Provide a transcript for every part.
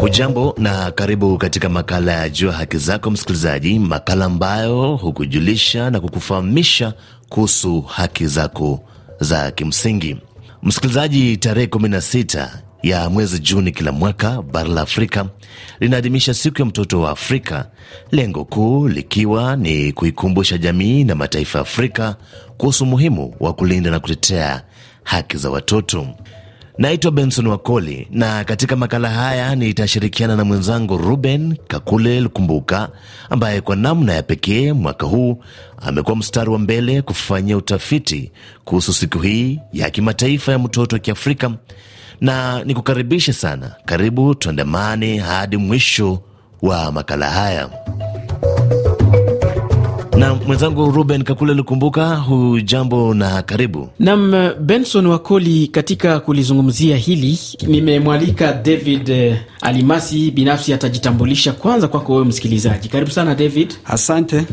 Hujambo na karibu katika makala ya Jua Haki Zako, msikilizaji, makala ambayo hukujulisha na kukufahamisha kuhusu haki zako za kimsingi. Msikilizaji, tarehe 16 ya mwezi Juni kila mwaka bara la Afrika linaadhimisha siku ya mtoto wa Afrika, lengo kuu likiwa ni kuikumbusha jamii na mataifa ya Afrika kuhusu umuhimu wa kulinda na kutetea haki za watoto. Naitwa Benson Wakoli, na katika makala haya nitashirikiana na mwenzangu Ruben Kakule Lukumbuka, ambaye kwa namna ya pekee mwaka huu amekuwa mstari wa mbele kufanyia utafiti kuhusu siku hii ya kimataifa ya mtoto wa Kiafrika, na nikukaribishe sana. Karibu tuandamane hadi mwisho wa makala haya. Na mwenzangu Ruben Kakule Lukumbuka, hujambo na karibu. Nam Benson Wakoli, katika kulizungumzia hili nimemwalika David eh, Alimasi, binafsi atajitambulisha kwanza kwako wewe msikilizaji. Karibu sana David. Asante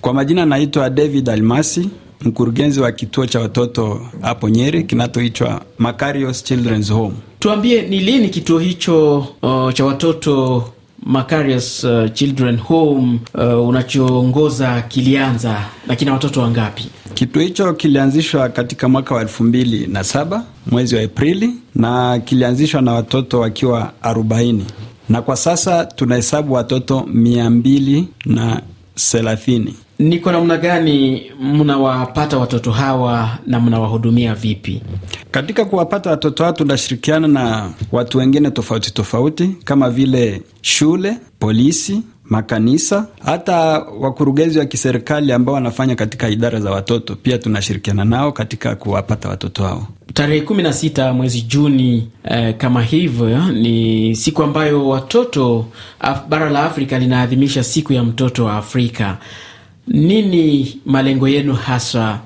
kwa majina, naitwa David Alimasi, mkurugenzi wa kituo cha watoto hapo Nyeri kinachoitwa Macarius Children's Home. Tuambie, ni lini kituo hicho o, oh, cha watoto Macarius uh, Children Home uh, unachoongoza kilianza na kina watoto wangapi? Kituo hicho kilianzishwa katika mwaka wa elfu mbili na saba mwezi wa Aprili na kilianzishwa na watoto wakiwa arobaini na kwa sasa tunahesabu watoto mia mbili na thelathini ni kwa namna gani mnawapata watoto hawa na mnawahudumia vipi? Katika kuwapata watoto hawa tunashirikiana na watu wengine tofauti tofauti kama vile shule, polisi, makanisa, hata wakurugenzi wa kiserikali ambao wanafanya katika idara za watoto, pia tunashirikiana nao katika kuwapata watoto hao. Tarehe kumi na sita mwezi Juni eh, kama hivyo ni siku ambayo watoto af, bara la Afrika linaadhimisha siku ya mtoto wa Afrika nini malengo yenu haswa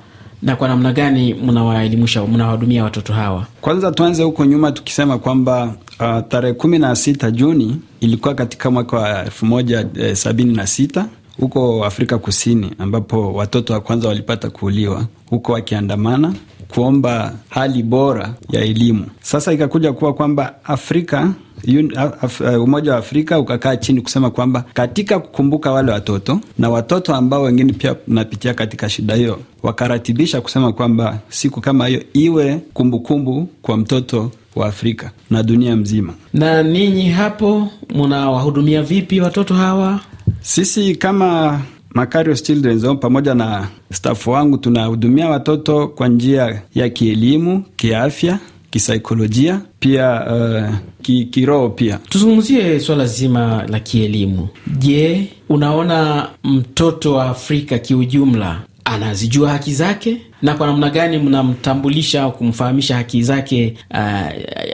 na kwa namna gani mnawaelimisha, mnawahudumia watoto hawa? Kwanza tuanze huko nyuma tukisema kwamba uh, tarehe kumi na sita Juni ilikuwa katika mwaka wa elfu moja eh, sabini na sita huko Afrika Kusini, ambapo watoto wa kwanza walipata kuuliwa huko wakiandamana kuomba hali bora ya elimu. Sasa ikakuja kuwa kwamba Afrika Af, eh, Umoja wa Afrika ukakaa chini kusema kwamba katika kukumbuka wale watoto na watoto ambao wengine pia napitia katika shida hiyo, wakaratibisha kusema kwamba siku kama hiyo iwe kumbukumbu kumbu kwa mtoto wa Afrika na dunia mzima. Na ninyi hapo mnawahudumia vipi watoto hawa? Sisi kama Macarius Children's Home pamoja na stafu wangu tunahudumia watoto kwa njia ya kielimu, kiafya kisaikolojia pia uh, ki, kiroho pia. Tuzungumzie swala zima la kielimu. Je, unaona mtoto wa Afrika kiujumla anazijua haki zake na kwa namna gani mnamtambulisha kumfahamisha haki zake uh,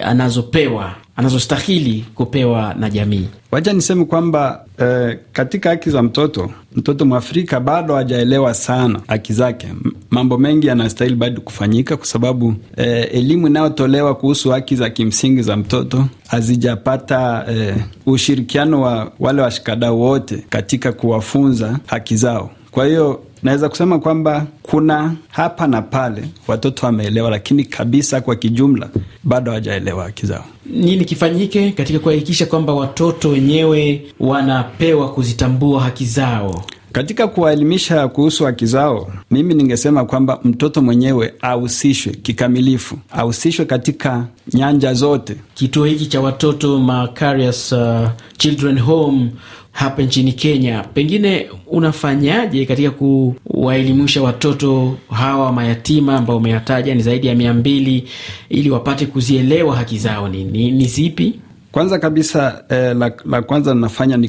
anazopewa anazostahili kupewa na jamii. Wacha niseme kwamba eh, katika haki za mtoto, mtoto mwafrika bado hajaelewa sana haki zake. Mambo mengi yanastahili bado kufanyika, kwa sababu eh, elimu inayotolewa kuhusu haki za kimsingi za mtoto hazijapata eh, ushirikiano wa wale washikadau wote katika kuwafunza haki zao. Kwa hiyo naweza kusema kwamba kuna hapa na pale watoto wameelewa, lakini kabisa kwa kijumla bado hawajaelewa haki zao. Nini kifanyike katika kuhakikisha kwamba watoto wenyewe wanapewa kuzitambua haki zao? Katika kuwaelimisha kuhusu haki zao, mimi ningesema kwamba mtoto mwenyewe ahusishwe kikamilifu, ahusishwe katika nyanja zote. Kituo hiki cha watoto Macarius uh, Children Home hapa nchini Kenya, pengine unafanyaje katika kuwaelimisha watoto hawa mayatima ambao umeyataja ni zaidi ya mia mbili ili wapate kuzielewa haki zao ni, ni, ni zipi? Kwanza kabisa eh, la, la kwanza nafanya ni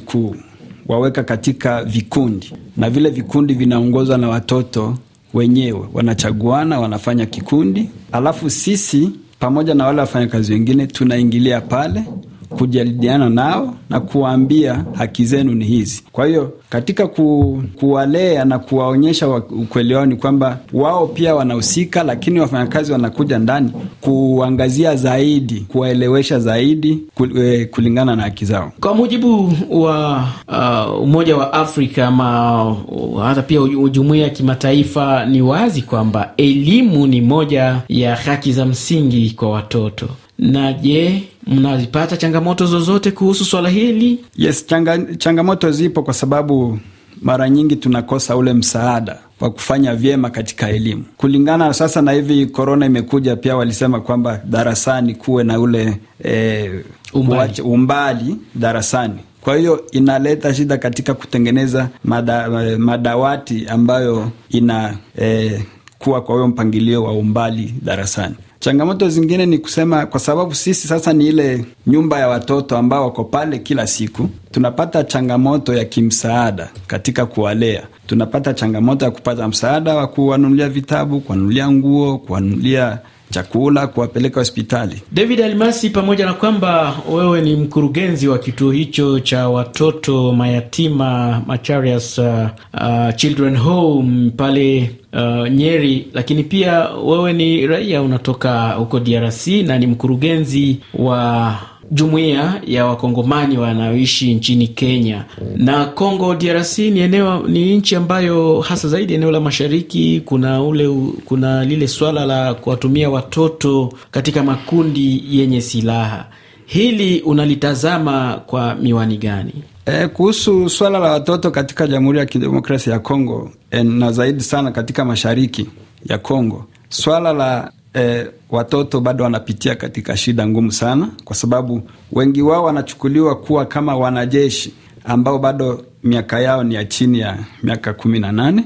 kuwaweka katika vikundi, na vile vikundi vinaongozwa na watoto wenyewe, wanachaguana, wanafanya kikundi, alafu sisi pamoja na wale wafanyakazi wengine tunaingilia pale kujadiliana nao na kuwaambia haki zenu ni hizi. Kwa hiyo katika ku, kuwalea na kuwaonyesha ukweli wao ni kwamba wao pia wanahusika, lakini wafanyakazi wanakuja ndani kuangazia zaidi, kuwaelewesha zaidi eh, kulingana na haki zao. Kwa mujibu wa uh, Umoja wa Afrika ama uh, hata pia jumuia ya kimataifa, ni wazi kwamba elimu ni moja ya haki za msingi kwa watoto. Na je, mnazipata changamoto zozote kuhusu swala hili? Yes, changa, changamoto zipo kwa sababu mara nyingi tunakosa ule msaada wa kufanya vyema katika elimu. Kulingana sasa na hivi korona imekuja, pia walisema kwamba darasani kuwe na ule e, umbali. umbali darasani kwa hiyo inaleta shida katika kutengeneza mada, eh, madawati ambayo ina e, kuwa kwa huyo mpangilio wa umbali darasani. Changamoto zingine ni kusema, kwa sababu sisi sasa ni ile nyumba ya watoto ambao wako pale kila siku, tunapata changamoto ya kimsaada katika kuwalea. Tunapata changamoto ya kupata msaada wa kuwanunulia vitabu, kuwanunulia nguo, kuwanunulia chakula, kuwapeleka hospitali. David Almasi, pamoja na kwamba wewe ni mkurugenzi wa kituo hicho cha watoto mayatima Macharias uh, uh, Children Home pale uh, Nyeri, lakini pia wewe ni raia unatoka huko DRC na ni mkurugenzi wa jumuiya ya wakongomani wanaoishi nchini Kenya mm. na Congo DRC. Ni eneo ni nchi ambayo hasa zaidi eneo la mashariki, kuna ule kuna lile swala la kuwatumia watoto katika makundi yenye silaha. Hili unalitazama kwa miwani gani? E, kuhusu swala la watoto katika Jamhuri ya Kidemokrasia ya congo e, na zaidi sana katika mashariki ya congo swala la e, watoto bado wanapitia katika shida ngumu sana, kwa sababu wengi wao wanachukuliwa kuwa kama wanajeshi ambao bado miaka yao ni ya chini ya miaka kumi na nane.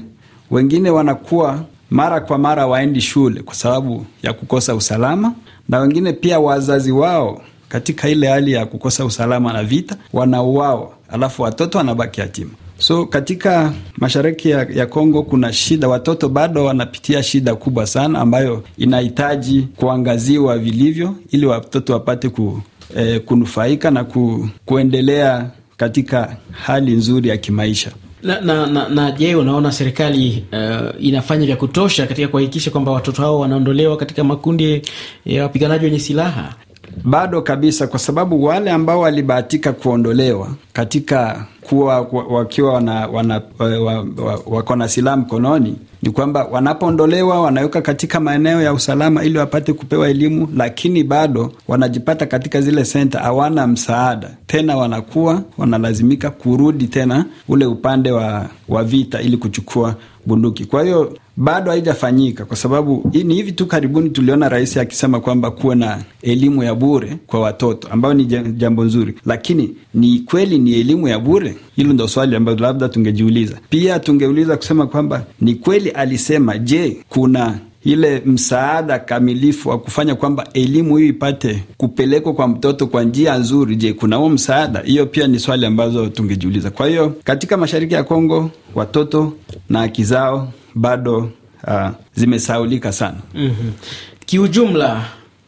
Wengine wanakuwa mara kwa mara waendi shule kwa sababu ya kukosa usalama, na wengine pia wazazi wao katika ile hali ya kukosa usalama na vita wanauawa, alafu watoto wanabaki yatima. So katika mashariki ya, ya Kongo kuna shida, watoto bado wanapitia shida kubwa sana ambayo inahitaji kuangaziwa vilivyo, ili watoto wapate ku, eh, kunufaika na ku, kuendelea katika hali nzuri ya kimaisha. Na, na, na, na je, unaona serikali uh, inafanya vya kutosha katika kuhakikisha kwamba watoto hao wanaondolewa katika makundi ya wapiganaji wenye silaha? Bado kabisa, kwa sababu wale ambao walibahatika kuondolewa katika kuwa wakiwa wana, wana, wako na silaha mkononi ni kwamba wanapoondolewa wanaweka katika maeneo ya usalama ili wapate kupewa elimu, lakini bado wanajipata katika zile senta, hawana msaada tena, wanakuwa wanalazimika kurudi tena ule upande wa, wa vita ili kuchukua bunduki. Kwa hiyo bado haijafanyika kwa sababu ni hivi tu karibuni tuliona rais akisema kwamba kuwe na elimu ya bure kwa watoto ambayo ni jambo nzuri, lakini ni kweli ni elimu ya bure? Hilo ndo swali ambalo labda tungejiuliza. Pia tungeuliza kusema kwamba ni kweli alisema, je, kuna ile msaada kamilifu wa kufanya kwamba elimu hiyo ipate kupelekwa kwa mtoto kwa njia nzuri. Je, kuna huo msaada? Hiyo pia ni swali ambazo tungejiuliza. Kwa hiyo katika mashariki ya Kongo watoto na haki zao bado uh, ah, zimesaulika sana. mm -hmm. Kiujumla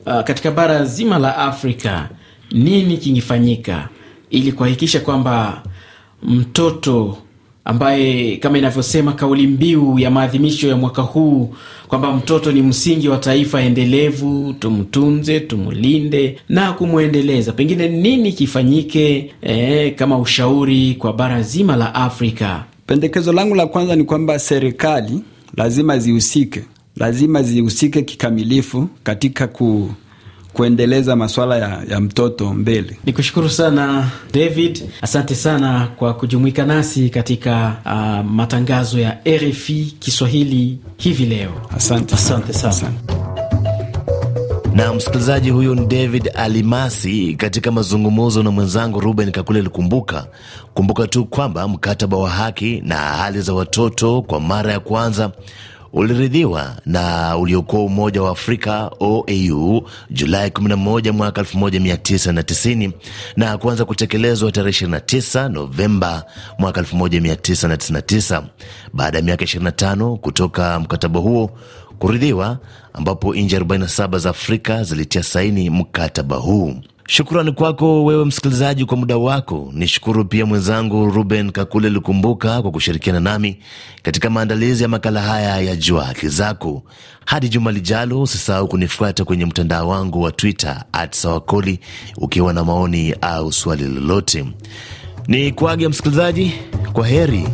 uh, katika bara zima la Afrika nini kingifanyika ili kuhakikisha kwamba mtoto ambaye kama inavyosema kauli mbiu ya maadhimisho ya mwaka huu kwamba mtoto ni msingi wa taifa endelevu, tumtunze, tumlinde na kumwendeleza. Pengine nini kifanyike eh, kama ushauri kwa bara zima la Afrika? Pendekezo langu la kwanza ni kwamba serikali lazima zihusike, lazima zihusike kikamilifu katika ku kuendeleza maswala ya, ya mtoto mbele. Ni kushukuru sana David, asante sana kwa kujumuika nasi katika uh, matangazo ya RFI Kiswahili hivi leo. Asante, asante sana, sana. Na msikilizaji, huyo ni David Alimasi katika mazungumzo na mwenzangu Ruben Kakule Likumbuka. Kumbuka tu kwamba mkataba wa haki na hali za watoto kwa mara ya kwanza uliridhiwa na uliokuwa Umoja wa Afrika OAU Julai 11 mwaka 1990 na kuanza kutekelezwa tarehe 29 Novemba mwaka 1999 baada ya miaka 25 kutoka mkataba huo kuridhiwa, ambapo nchi 47 za Afrika zilitia saini mkataba huu. Shukrani kwako wewe msikilizaji kwa muda wako. Nishukuru pia mwenzangu Ruben Kakule Lukumbuka kwa kushirikiana nami katika maandalizi ya makala haya ya Jua Haki Zako. Hadi juma lijalo, usisahau kunifuata kwenye mtandao wangu wa Twitter at Sawakoli ukiwa na maoni au swali lolote. Ni kuage msikilizaji, kwa heri.